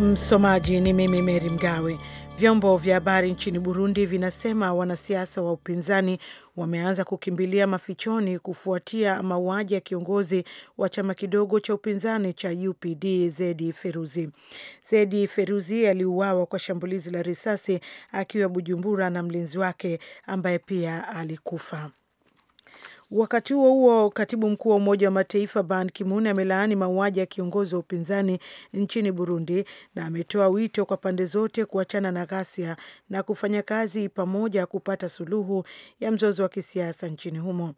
Msomaji ni mimi Meri Mgawe. Vyombo vya habari nchini Burundi vinasema wanasiasa wa upinzani wameanza kukimbilia mafichoni kufuatia mauaji ya kiongozi wa chama kidogo cha upinzani cha UPD Zedi Feruzi. Zedi Feruzi aliuawa kwa shambulizi la risasi akiwa Bujumbura na mlinzi wake ambaye pia alikufa. Wakati huo huo, katibu mkuu wa Umoja wa Mataifa Ban Ki-moon amelaani mauaji ya kiongozi wa upinzani nchini Burundi na ametoa wito kwa pande zote kuachana na ghasia na kufanya kazi pamoja kupata suluhu ya mzozo wa kisiasa nchini humo.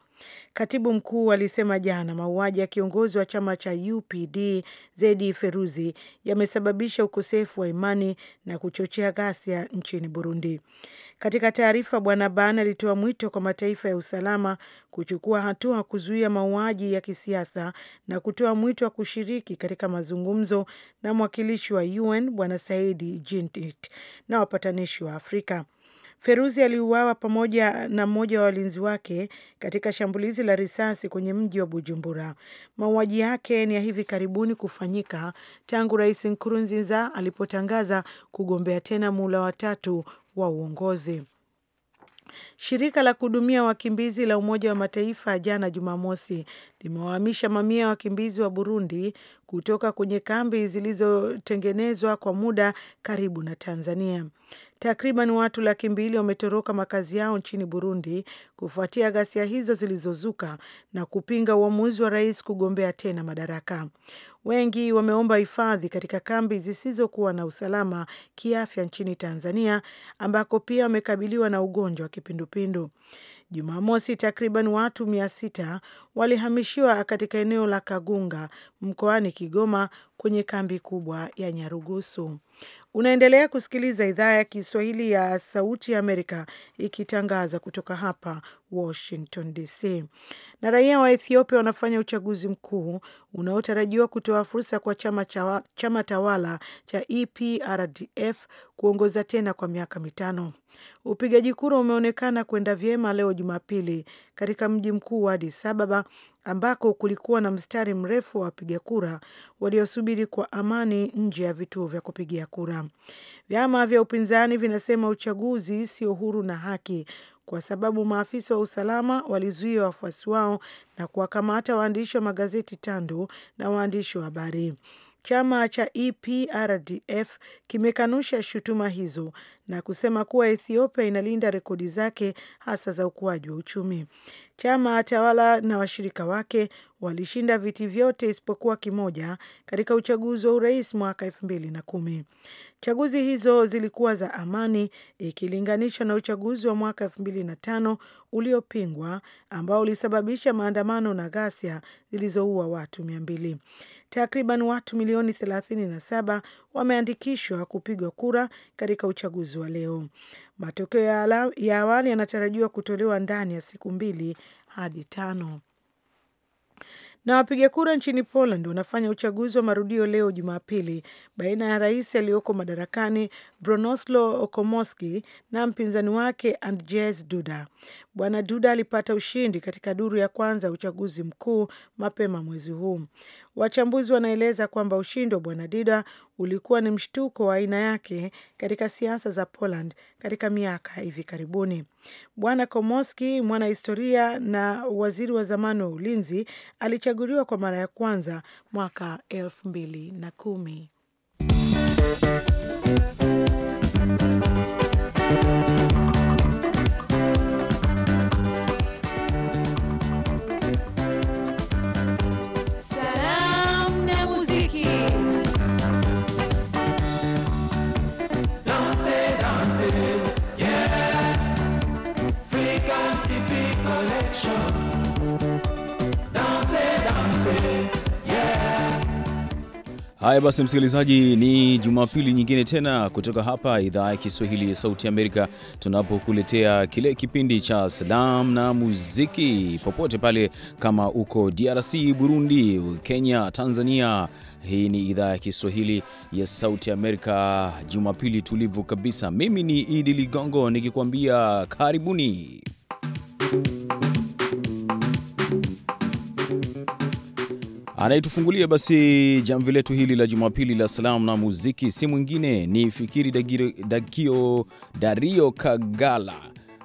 Katibu mkuu alisema jana mauaji ya kiongozi wa chama cha UPD Zedi Feruzi yamesababisha ukosefu wa imani na kuchochea ghasia nchini Burundi. Katika taarifa, Bwana Ban alitoa mwito kwa mataifa ya usalama kuchukua hatua kuzuia mauaji ya kisiasa na kutoa mwito wa kushiriki katika mazungumzo na mwakilishi wa UN Bwana Saidi Jindit na wapatanishi wa Afrika. Feruzi aliuawa pamoja na mmoja wa walinzi wake katika shambulizi la risasi kwenye mji wa Bujumbura. Mauaji yake ni ya hivi karibuni kufanyika tangu Rais Nkurunziza alipotangaza kugombea tena muhula watatu wa uongozi. Shirika la kuhudumia wakimbizi la Umoja wa Mataifa jana Jumamosi limewahamisha mamia ya wakimbizi wa Burundi kutoka kwenye kambi zilizotengenezwa kwa muda karibu na Tanzania. Takriban watu laki mbili wametoroka makazi yao nchini Burundi kufuatia ghasia hizo zilizozuka na kupinga uamuzi wa rais kugombea tena madaraka. Wengi wameomba hifadhi katika kambi zisizokuwa na usalama kiafya nchini Tanzania, ambako pia wamekabiliwa na ugonjwa wa kipindupindu. Jumamosi, takriban watu mia sita walihamishiwa katika eneo la Kagunga mkoani Kigoma kwenye kambi kubwa ya Nyarugusu. Unaendelea kusikiliza idhaa ya Kiswahili ya Sauti ya Amerika ikitangaza kutoka hapa Washington DC. Na raia wa Ethiopia wanafanya uchaguzi mkuu unaotarajiwa kutoa fursa kwa chama, chawa, chama tawala cha EPRDF kuongoza tena kwa miaka mitano. Upigaji kura umeonekana kwenda vyema leo Jumapili katika mji mkuu wa Addis Ababa ambako kulikuwa na mstari mrefu wa wapiga kura waliosubiri kwa amani nje ya vituo vya kupigia kura. Vyama vya upinzani vinasema uchaguzi sio huru na haki kwa sababu maafisa wa usalama walizuia wafuasi wao na kuwakamata waandishi wa magazeti tandu na waandishi wa habari. Chama cha EPRDF kimekanusha shutuma hizo na kusema kuwa Ethiopia inalinda rekodi zake hasa za ukuaji wa uchumi. Chama tawala na washirika wake walishinda viti vyote isipokuwa kimoja katika uchaguzi wa urais mwaka elfu mbili na kumi. Chaguzi hizo zilikuwa za amani ikilinganishwa na uchaguzi wa mwaka elfu mbili na tano uliopingwa ambao ulisababisha maandamano na ghasia zilizoua watu mia mbili takriban watu milioni 37 wameandikishwa kupigwa kura katika uchaguzi wa leo. Matokeo ya awali yanatarajiwa kutolewa ndani ya siku mbili hadi tano. Na wapiga kura nchini Poland wanafanya uchaguzi wa marudio leo Jumapili, baina ya rais aliyoko madarakani bronoslo Komorowski na mpinzani wake Andrzej Duda. Bwana Duda alipata ushindi katika duru ya kwanza ya uchaguzi mkuu mapema mwezi huu. Wachambuzi wanaeleza kwamba ushindi wa bwana dida ulikuwa ni mshtuko wa aina yake katika siasa za Poland katika miaka hivi karibuni. Bwana Komoski, mwanahistoria na waziri wa zamani wa ulinzi, alichaguliwa kwa mara ya kwanza mwaka elfu mbili na kumi. Haya basi, msikilizaji, ni Jumapili nyingine tena kutoka hapa idhaa ya Kiswahili ya Sauti ya Amerika, tunapokuletea kile kipindi cha salamu na muziki popote pale, kama uko DRC, Burundi, Kenya, Tanzania. Hii ni idhaa ya Kiswahili ya Sauti Amerika, Jumapili tulivu kabisa. Mimi ni Idi Ligongo nikikuambia karibuni. Anayetufungulia basi jamvi letu hili la Jumapili la salamu na muziki si mwingine ni Fikiri Dagio, Dario Kagala.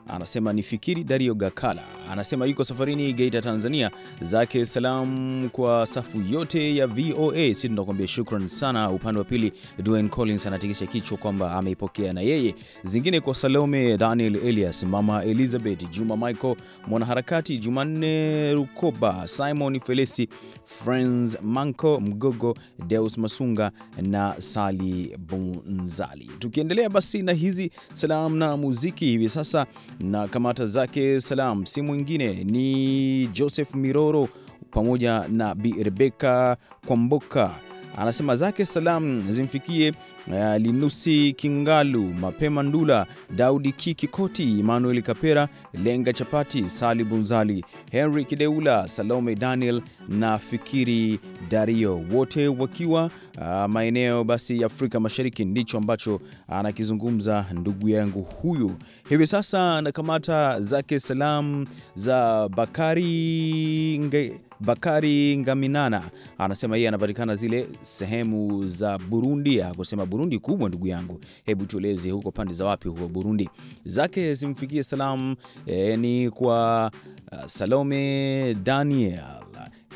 Anasema ni Fikiri Dario Gakala anasema yuko safarini Geita, Tanzania, zake salam kwa safu yote ya VOA. Si tunakuambia shukran sana. Upande wa pili, Dwayne Collins anatikisha kichwa kwamba ameipokea na yeye, zingine kwa Salome Daniel, Elias, mama Elizabeth, Juma Michael, mwanaharakati Jumanne Rukoba, Simon Felesi, Friends manco Mgogo, Deus Masunga na Sali Bunzali. Tukiendelea basi na hizi salam na muziki hivi sasa, na kamata zake salam simu mwingine ni Joseph Miroro pamoja na Bi Rebeka Kwamboka anasema zake salamu zimfikie uh, Linusi Kingalu, Mapema Ndula, Daudi Kikikoti, Emmanuel Kapera, Lenga Chapati, Sali Bunzali, Henry Kideula, Salome Daniel na Fikiri Dario, wote wakiwa uh, maeneo basi ya Afrika Mashariki. Ndicho ambacho anakizungumza ndugu yangu huyu hivi sasa. Nakamata zake salamu za Bakari Nge Bakari Ngaminana anasema yeye anapatikana zile sehemu za Burundi. Akusema Burundi kubwa, ndugu yangu, hebu tueleze huko pande za wapi huko Burundi. Zake zimfikie salamu e, ni kwa uh, Salome Daniel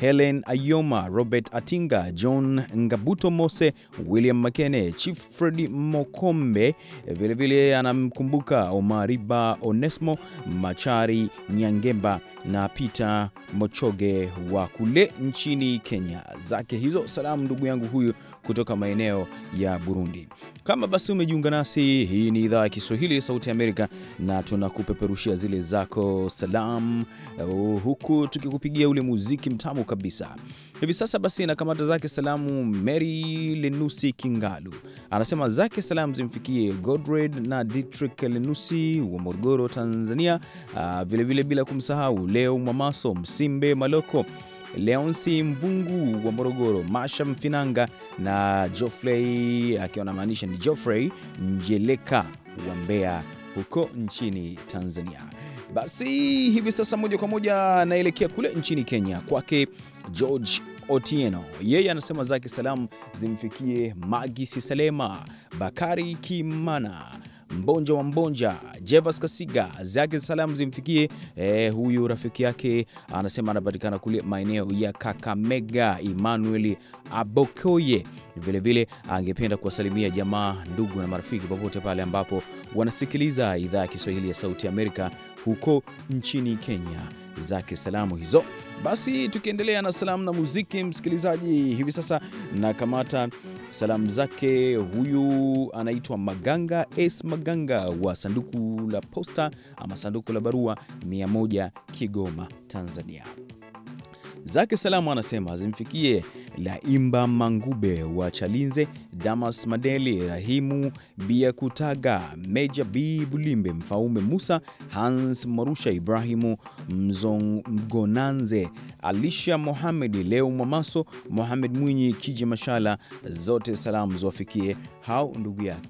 Helen Ayoma, Robert Atinga, John Ngabuto Mose, William Makene, Chief Fredi Mokombe, vilevile anamkumbuka Omariba Onesmo Machari Nyangemba na Peter Mochoge wa kule nchini Kenya. Zake hizo salamu, ndugu yangu huyu kutoka maeneo ya Burundi. Kama basi umejiunga nasi, hii ni idhaa ya Kiswahili ya Sauti Amerika na tunakupeperushia zile zako salam, uh, huku tukikupigia ule muziki mtamu kabisa. Hivi sasa basi na kamata zake salamu Mary Lenusi Kingalu anasema zake salamu zimfikie Godred na Dietrich Lenusi wa Morogoro, Tanzania, vilevile uh, bila kumsahau Leo Mwamaso Msimbe Maloko Leonsi Mvungu wa Morogoro, Masha Mfinanga na Geoffrey akiwa anamaanisha ni Geoffrey Njeleka wa Mbeya huko nchini Tanzania. Basi hivi sasa moja kwa moja naelekea kule nchini Kenya kwake George Otieno. Yeye anasema zake salamu zimfikie Magi Sisalema, Bakari Kimana, Mbonja wa Mbonja, Jevas Kasiga, zake salamu zimfikie eh, huyu rafiki yake anasema anapatikana kule maeneo ya Kakamega, Emmanuel Abokoye. Vilevile angependa kuwasalimia jamaa, ndugu na marafiki popote pale ambapo wanasikiliza idhaa ya Kiswahili ya Sauti ya Amerika huko nchini Kenya. Zake salamu hizo. Basi tukiendelea na salamu na muziki, msikilizaji, hivi sasa nakamata salamu zake. Huyu anaitwa Maganga s Maganga wa sanduku la posta ama sanduku la barua 100 Kigoma, Tanzania zake salamu anasema zimfikie Laimba Mangube wa Chalinze, Damas Madeli, Rahimu Biakutaga, Meja B Bulimbe, Mfaume Musa, Hans Marusha, Ibrahimu Mgonanze, Alisha Mohamedi, Leo Mwamaso, Mohamed Mwinyi, kiji Mashala, zote salamu ziwafikie hao ndugu yake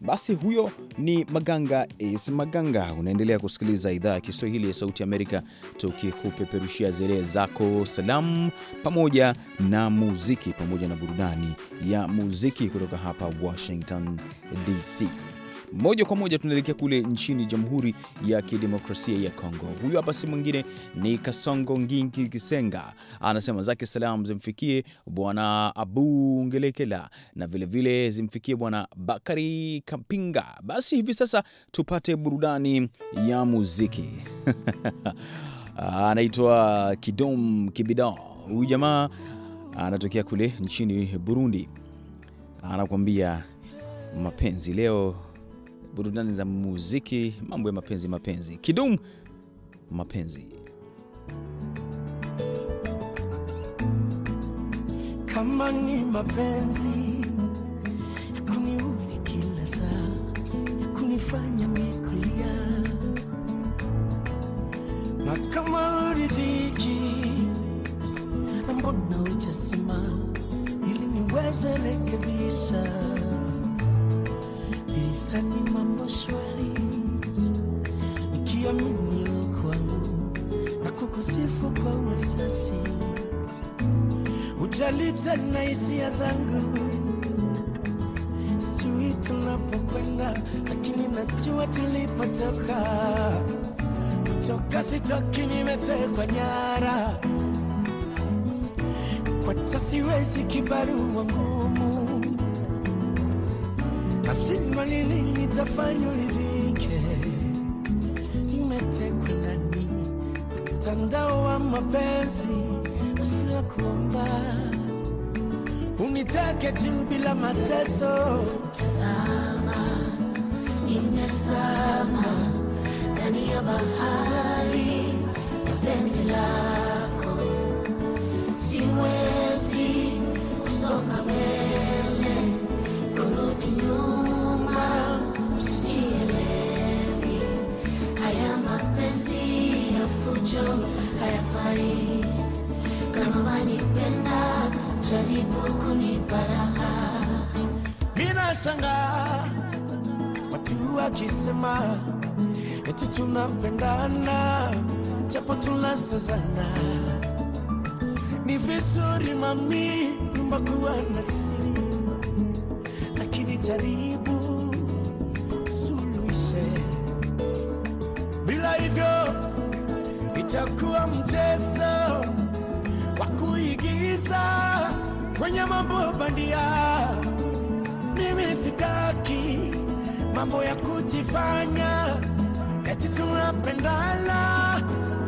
basi huyo ni Maganga is Maganga. Unaendelea kusikiliza idhaa ya Kiswahili ya Sauti Amerika, tukikupeperushia zile zako salamu pamoja na muziki pamoja na burudani ya muziki kutoka hapa Washington DC. Moja kwa moja tunaelekea kule nchini Jamhuri ya Kidemokrasia ya Kongo. Huyu hapa si mwingine ni Kasongo Ngingi Kisenga, anasema zake salamu zimfikie Bwana Abu Ngelekela na vilevile vile zimfikie Bwana Bakari Kampinga. Basi hivi sasa tupate burudani ya muziki anaitwa Kidom Kibido. Huyu jamaa anatokea kule nchini Burundi, anakuambia mapenzi leo burudani za muziki, mambo ya mapenzi, mapenzi kidum, mapenzi kama ni mapenzi yakuniudhi kila saa, yakunifanya mekulia na kama uridhiki na mbona uchasema ili niweze rekebisha sina swali, nikiamini kwangu na kukusifu kwa uasasi, utalita na hisia zangu, sijui tunapokwenda, lakini najua tulipotoka. Kutoka sitoki, nimetekwa nyara, kwacha siwezi, kibarua ngumu nini litafanya ulidhike? Nimetekwa nani? Mtandao wa mapenzi sina kuomba, unitake tu bila mateso. Sama nimesama ndani ya bahari ya lako kesho hayafai. Kama wanipenda, jaribu kunipa raha. Minashangaa watu wakisema eti tunapendana japo tunasazana. Ni vizuri mami, nyumba kuwa na siri, lakini jaribu suluhishe bila hivyo haijakuwa mteso wa kuigiza kwenye mambo bandia. Mimi sitaki mambo ya kujifanya, kati, tunapendana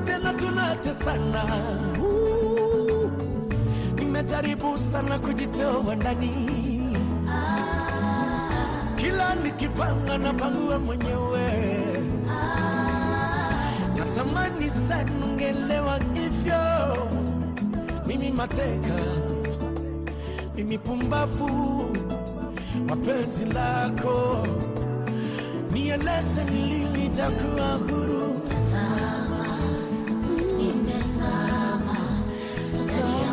tena tunatesana. Nimejaribu sana kujitoa ndani, kila nikipanga napangua mwenyewe Natamani sana ningelewa hivyo. Mimi mateka, mimi pumbafu mapenzi lako, nieleze ni lini nitakuwa huru. Tazama, nimezama ndani ya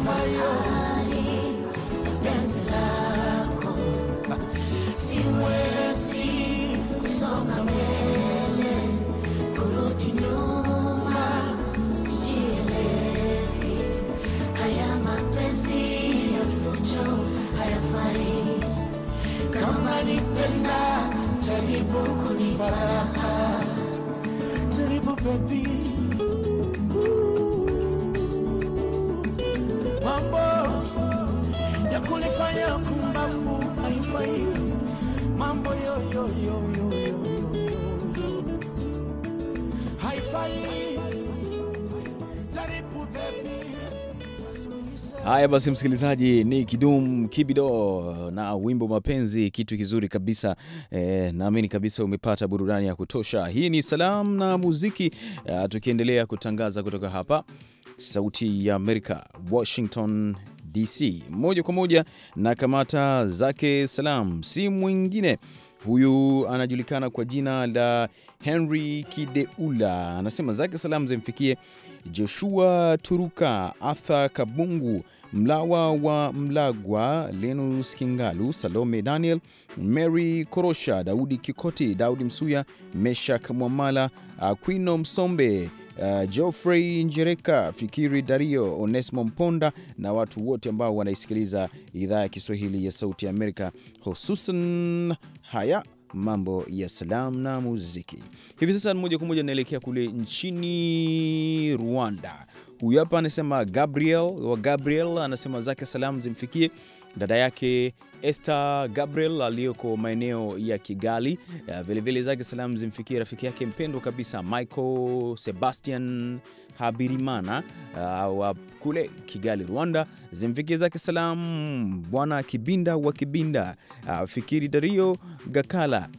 Haya basi, msikilizaji, ni Kidum Kibido na wimbo Mapenzi, kitu kizuri kabisa e, naamini kabisa umepata burudani ya kutosha. Hii ni salamu na muziki eh, tukiendelea kutangaza kutoka hapa Sauti ya Amerika, Washington DC, moja kwa moja na kamata zake salam, si mwingine Huyu anajulikana kwa jina la Henry Kideula, anasema zake salam zimfikie Joshua Turuka, Arthur Kabungu, Mlawa wa Mlagwa, Lenus Kingalu, Salome Daniel, Mary Korosha, Daudi Kikoti, Daudi Msuya, Meshak Mwamala, Aquino Msombe, Uh, Geoffrey Njereka, Fikiri Dario, Onesmo Mponda na watu wote ambao wanaisikiliza idhaa ya Kiswahili ya Sauti ya Amerika, hususan haya mambo ya salamu na muziki. Hivi sasa moja kwa moja naelekea kule nchini Rwanda. Huyu hapa anasema Gabriel wa Gabriel anasema zake salamu zimfikie dada yake Esther Gabriel aliyoko maeneo ya Kigali, vilevile zake salamu zimfikie rafiki yake mpendwa kabisa Michael Sebastian Habirimana uh, wa kule Kigali, Rwanda. Zimfikie zake salamu bwana Kibinda wa Kibinda, uh, Fikiri Dario Gakala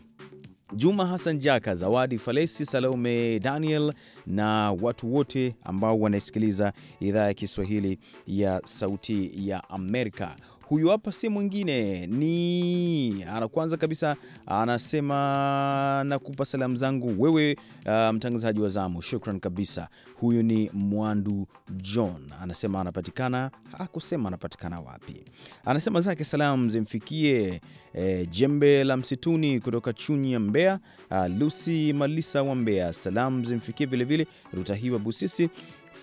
Juma Hassan Jaka, Zawadi Falesi, Salome Daniel na watu wote ambao wanasikiliza idhaa ya Kiswahili ya Sauti ya Amerika. Huyu hapa si mwingine ni ana, kwanza kabisa anasema nakupa salamu zangu wewe, uh, mtangazaji wa zamu, shukran kabisa. Huyu ni Mwandu John, anasema anapatikana, hakusema anapatikana wapi. Anasema zake salamu zimfikie e, Jembe la Msituni kutoka ya mbea uh, ah, lusi Malisa wa mbea Salamu zimfikie vilevile Rutahiwa Busisi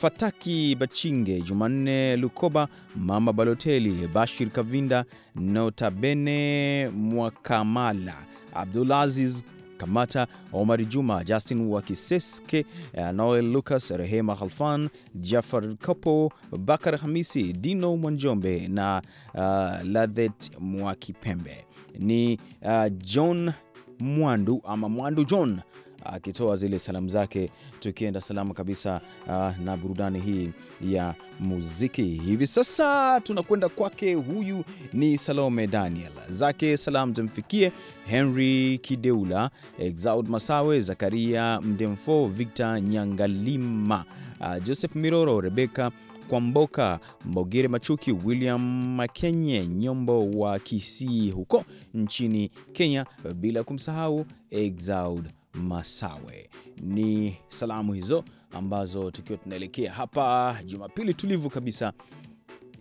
Fataki Bachinge, Jumanne Lukoba, Mama Baloteli, Bashir Kavinda, Notabene Mwakamala, Abdulaziz Kamata, omar Juma, Justin Wakiseske, eh, Noel Lucas, Rehema Khalfan, Jafar Kopo, Bakar Hamisi, Dino Mwanjombe na uh, eh, Ladhet Mwakipembe. Ni uh, John Mwandu ama Mwandu John akitoa zile salamu zake, tukienda salamu kabisa uh, na burudani hii ya muziki. Hivi sasa tunakwenda kwake, huyu ni Salome Daniel, zake salamu zimfikie Henry Kideula, Exaud Masawe, Zakaria Mdemfo, Victor Nyangalima, uh, Joseph Miroro, Rebeka Kwamboka Mbogere, Machuki William Makenye, Nyombo wa Kisii huko nchini Kenya, bila kumsahau Exaud Masawe. Ni salamu hizo ambazo tukiwa tunaelekea hapa Jumapili tulivu kabisa,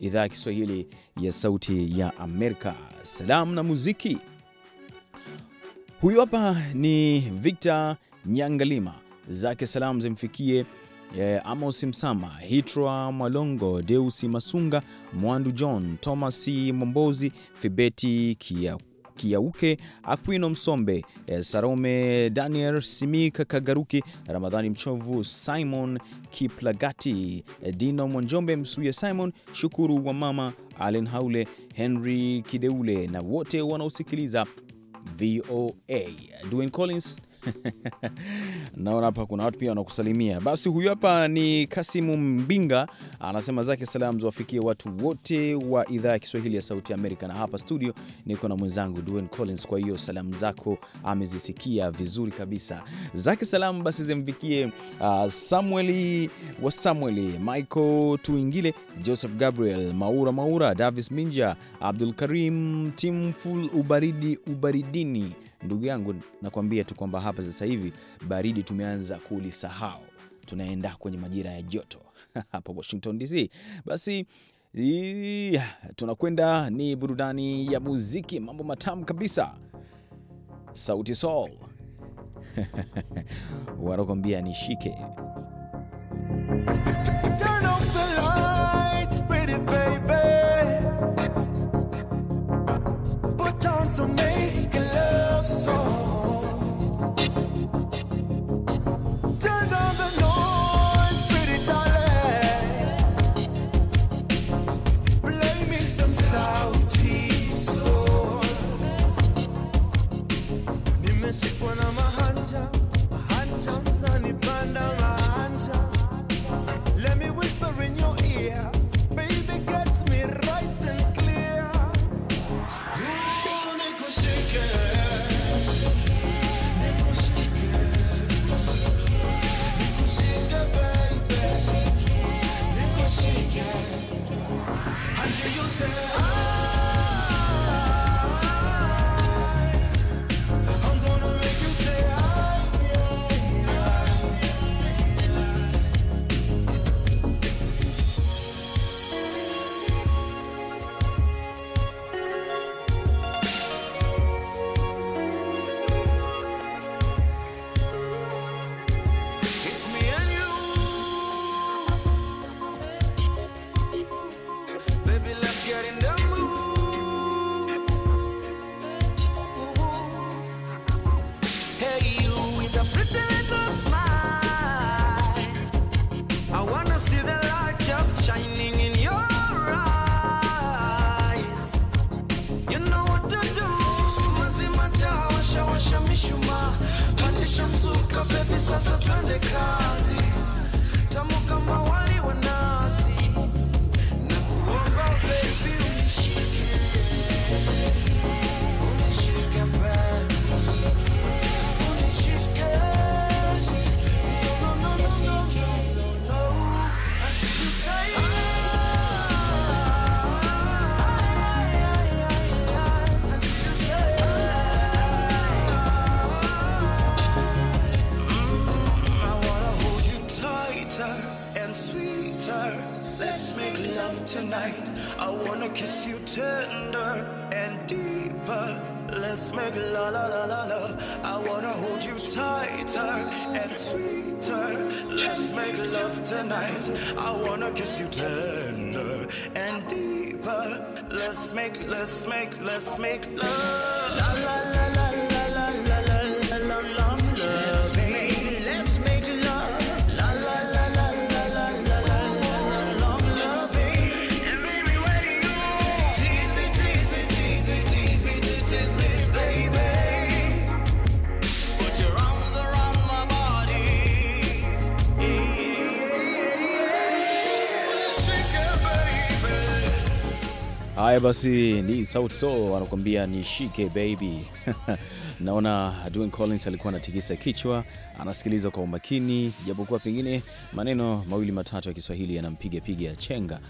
idhaa ya Kiswahili ya Sauti ya Amerika, salamu na muziki. Huyu hapa ni Victor Nyangalima, zake salamu zimfikie E, Amos Msama, Hitra Mwalongo, Deusi Masunga, Mwandu John, Thomas Mombozi, Fibeti Kia Kiauke, Aquino Msombe, eh, Sarome Daniel Simika Kagaruki, Ramadhani Mchovu, Simon Kiplagati, eh, Dino Mwanjombe, Msuya Simon, Shukuru wa Mama, Allen Haule, Henry Kideule na wote wanaosikiliza VOA. Dwayne Collins naona hapa kuna watu pia wanakusalimia. Basi huyu hapa ni Kasimu Mbinga, anasema zake salamu ziwafikie watu wote wa idhaa ya Kiswahili ya Sauti ya Amerika, na hapa studio niko na mwenzangu Dwayne Collins. Kwa hiyo salamu zako amezisikia vizuri kabisa. Zake salamu basi zimfikie uh, Samueli wa Samueli, Michael Tuingile, Joseph Gabriel, Maura Maura, Davis Minja, Abdul Karim Timful, Ubaridi Ubaridini ndugu yangu, nakwambia tu kwamba hapa sasa hivi baridi tumeanza kulisahau, tunaenda kwenye majira ya joto hapa Washington DC. Basi tunakwenda ni burudani ya muziki, mambo matamu kabisa, Sauti Sol wanakuambia nishike tender and deeper. Let's make la la la la love. I wanna hold you tighter and sweeter. Let's make love tonight. I wanna kiss you tender and deeper. Let's make, let's make, let's make love. La la la. Haya basi, ni Sauti Sol anakuambia ni shike baby. Naona Dwayne Collins alikuwa anatikisa kichwa anasikiliza kwa umakini, japokuwa pengine maneno mawili matatu ya Kiswahili yanampiga piga chenga.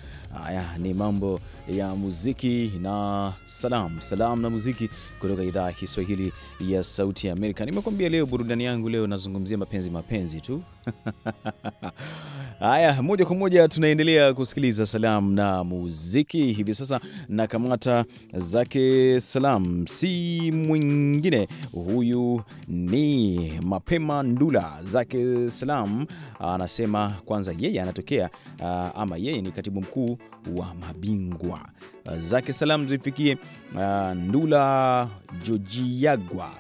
Haya ni mambo ya muziki na salam, salam na muziki kutoka idhaa ya Kiswahili ya Sauti ya Amerika. Nimekwambia leo burudani yangu leo nazungumzia mapenzi, mapenzi tu Haya, moja kwa moja tunaendelea kusikiliza salamu na muziki hivi sasa, na kamata zake salam si mwingine, huyu ni mapema Mdula zake Salam ah, anasema kwanza yeye anatokea ah, ama yeye ni katibu mkuu wa mabingwa. Ah, zake Salam zifikie Ndula Jojiagwa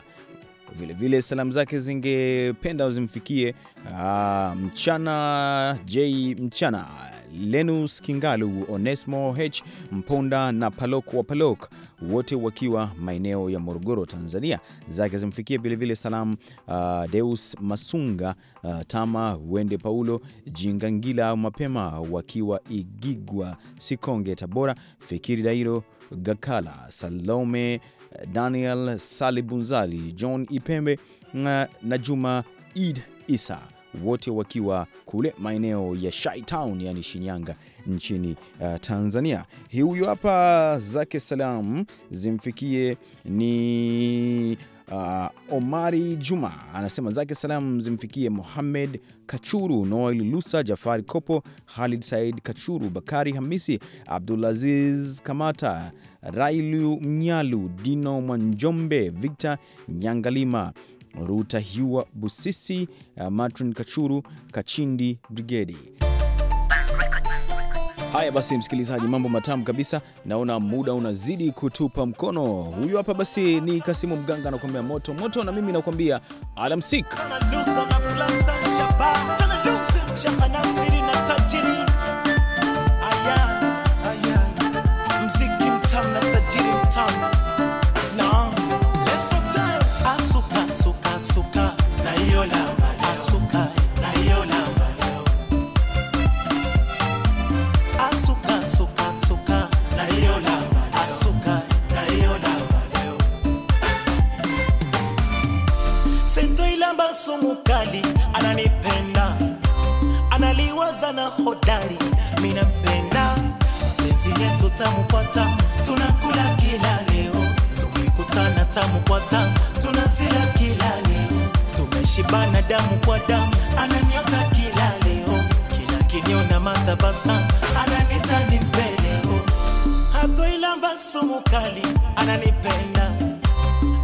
vilevile vile salamu zake zingependa zimfikie uh, Mchana J Mchana, Lenus Kingalu, Onesmo H Mponda na Palok wa Palok wote wakiwa maeneo ya Morogoro, Tanzania. Zake zimfikia vilevile salamu uh, Deus Masunga uh, Tama Wende Paulo Jingangila Mapema wakiwa Igigwa Sikonge, Tabora, Fikiri Dairo Gakala Salome Daniel Salibunzali John Ipembe uh, na Juma Id Isa wote wakiwa kule maeneo ya Shai yani Shinyanga nchini uh, Tanzania. Huyu hapa zake salam zimfikie ni uh, Omari Juma anasema zake salam zimfikie Mohamed Kachuru, Noel Lusa, Jafari Kopo, Khalid Said Kachuru, Bakari Hamisi, Abdulaziz Kamata, Railu Mnyalu, Dino Mwanjombe, Victor Nyangalima Rutahiwa Busisi, uh, Matrin Kachuru, Kachindi Brigedi. Haya basi, msikilizaji, mambo matamu kabisa. Naona muda unazidi kutupa mkono. Huyu hapa basi ni Kasimu Mganga anakuambia moto moto, na mimi nakuambia alamsik. asuka na hiyo namba, asuka na hiyo namba leo, asuka suka suka na hiyo namba, asuka na hiyo namba leo, sintoilamba sumu kali, ananipenda analiwaza na hodari, minampenda mapenzi yetu tamu kwa tamu, tunakula kila leo, tumekutana tamu kwa tamu, tunazila Tulishibana damu kwa damu, ananiota kila leo, kila kiniona matabasamu, ananiita ni hato ilamba sumu kali, ananipenda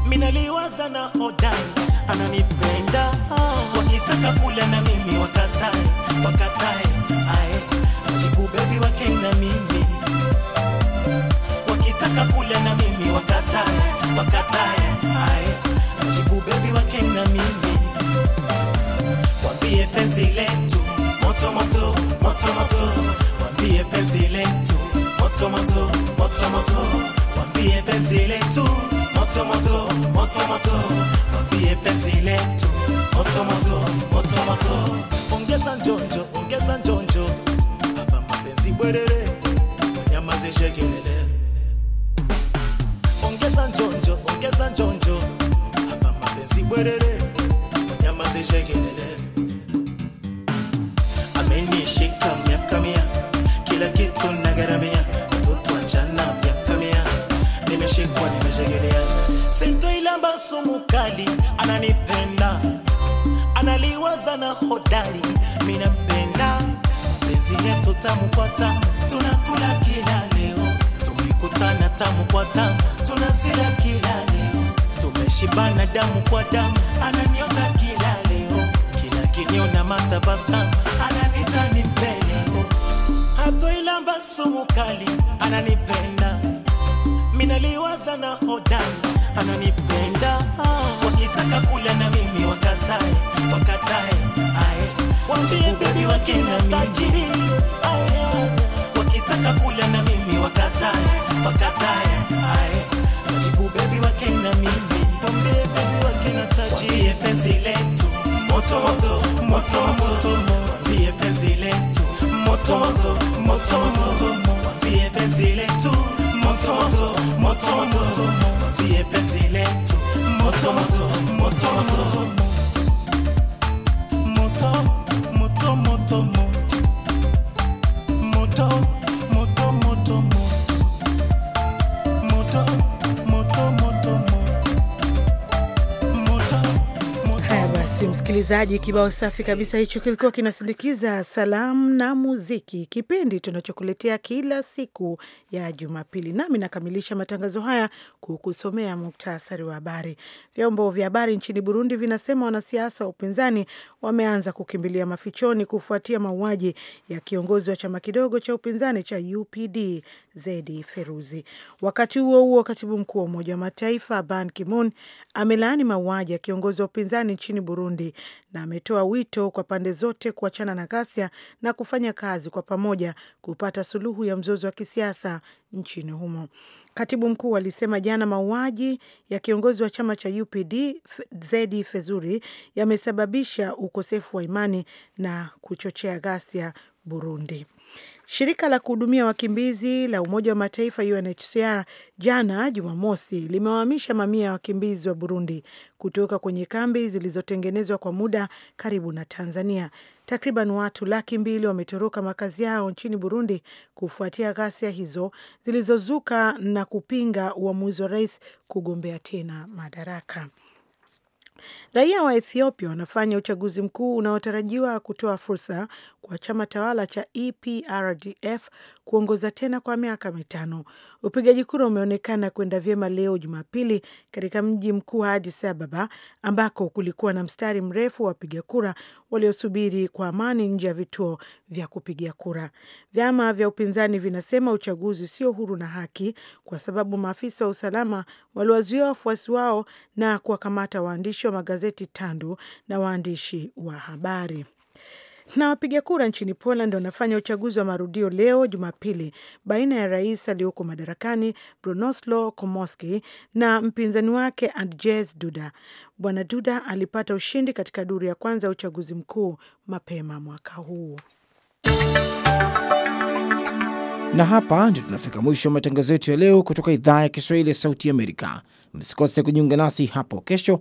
minaliwaza na odani, ananipenda wakitaka kula na mimi wakatae, wakatae ae, najibu bebi wake na mimi wakitaka kula na mimi wakatae, wakatae ae, najibu bebi wake na mimi mwambie penzi letu moto, moto mwambie penzi letu motomoto motomoto mwambie penzi letu moto. motomoto mwambie penzi letu motomoto motomoto ongeza njonjo ongeza njonjo baba mapenzi bwerere mnyamazishe kelele ongeza njonjo ongeza njonjo hapa mapenzi bwerere mnyamazishe kelele amenishika miaka mia, kila kitu nagaramia, mtoto achana miaka mia, nimeshikwa sintoilamba sumu kali, ananipenda analiwaza na hodari, minampenda penzi yetu tamu kwa tamu, tunakula kila leo, tumekutana tamu kwa tamu, tunazila kila leo, tumeshibana damu kwa damu, ananiota kila leo, kila kinio na matabasa ananipenda, hatoilamba sumu ananipenda minaliwaza na hodani, ananipenda wakitaka kula na mimi wakatae, wakatae ae, wamjie bebi wakina tajiri wakitaka kula na mimi wakatae, wakatae ae, najibu bebi wakina mimi, mwambie bebi wakina tajiri, penzi letu moto moto motondo mwambie penzi letu motondo motondo mwambie penzi letu motondo motondo Msikilizaji, kibao safi kabisa hicho kilikuwa kinasindikiza salamu na muziki, kipindi tunachokuletea kila siku ya Jumapili. Nami nakamilisha matangazo haya kukusomea muktasari wa habari. Vyombo vya habari nchini Burundi vinasema wanasiasa wa upinzani wameanza kukimbilia mafichoni kufuatia mauaji ya kiongozi wa chama kidogo cha upinzani cha UPD Zedi Feruzi. Wakati huo huo, katibu mkuu wa Umoja wa Mataifa Ban Ki-moon amelaani mauaji ya kiongozi wa upinzani nchini Burundi na ametoa wito kwa pande zote kuachana na ghasia na kufanya kazi kwa pamoja kupata suluhu ya mzozo wa kisiasa nchini humo. Katibu mkuu alisema jana mauaji ya kiongozi wa chama cha UPD Zedi Fezuri yamesababisha ukosefu wa imani na kuchochea ghasia Burundi. Shirika la kuhudumia wakimbizi la Umoja wa Mataifa UNHCR jana Jumamosi limewahamisha mamia ya wakimbizi wa Burundi kutoka kwenye kambi zilizotengenezwa kwa muda karibu na Tanzania. Takriban watu laki mbili wametoroka makazi yao nchini Burundi kufuatia ghasia hizo zilizozuka na kupinga uamuzi wa rais kugombea tena madaraka. Raia wa Ethiopia wanafanya uchaguzi mkuu unaotarajiwa kutoa fursa kwa chama tawala cha EPRDF kuongoza tena kwa miaka mitano Upigaji kura umeonekana kwenda vyema leo Jumapili katika mji mkuu wa Adis Ababa ambako kulikuwa na mstari mrefu wa wapiga kura waliosubiri kwa amani nje ya vituo vya kupiga kura. Vyama vya upinzani vinasema uchaguzi sio huru na haki kwa sababu maafisa wa usalama waliwazuia wafuasi wao na kuwakamata waandishi wa magazeti tandu na waandishi wa habari. Na wapiga kura nchini Poland wanafanya uchaguzi wa marudio leo Jumapili, baina ya rais aliyoko madarakani Bronisław Komorowski na mpinzani wake Andrzej Duda. Bwana Duda alipata ushindi katika duru ya kwanza ya uchaguzi mkuu mapema mwaka huu. Na hapa ndio tunafika mwisho wa matangazo yetu ya leo kutoka idhaa ya Kiswahili ya Sauti Amerika. Msikose kujiunga nasi hapo kesho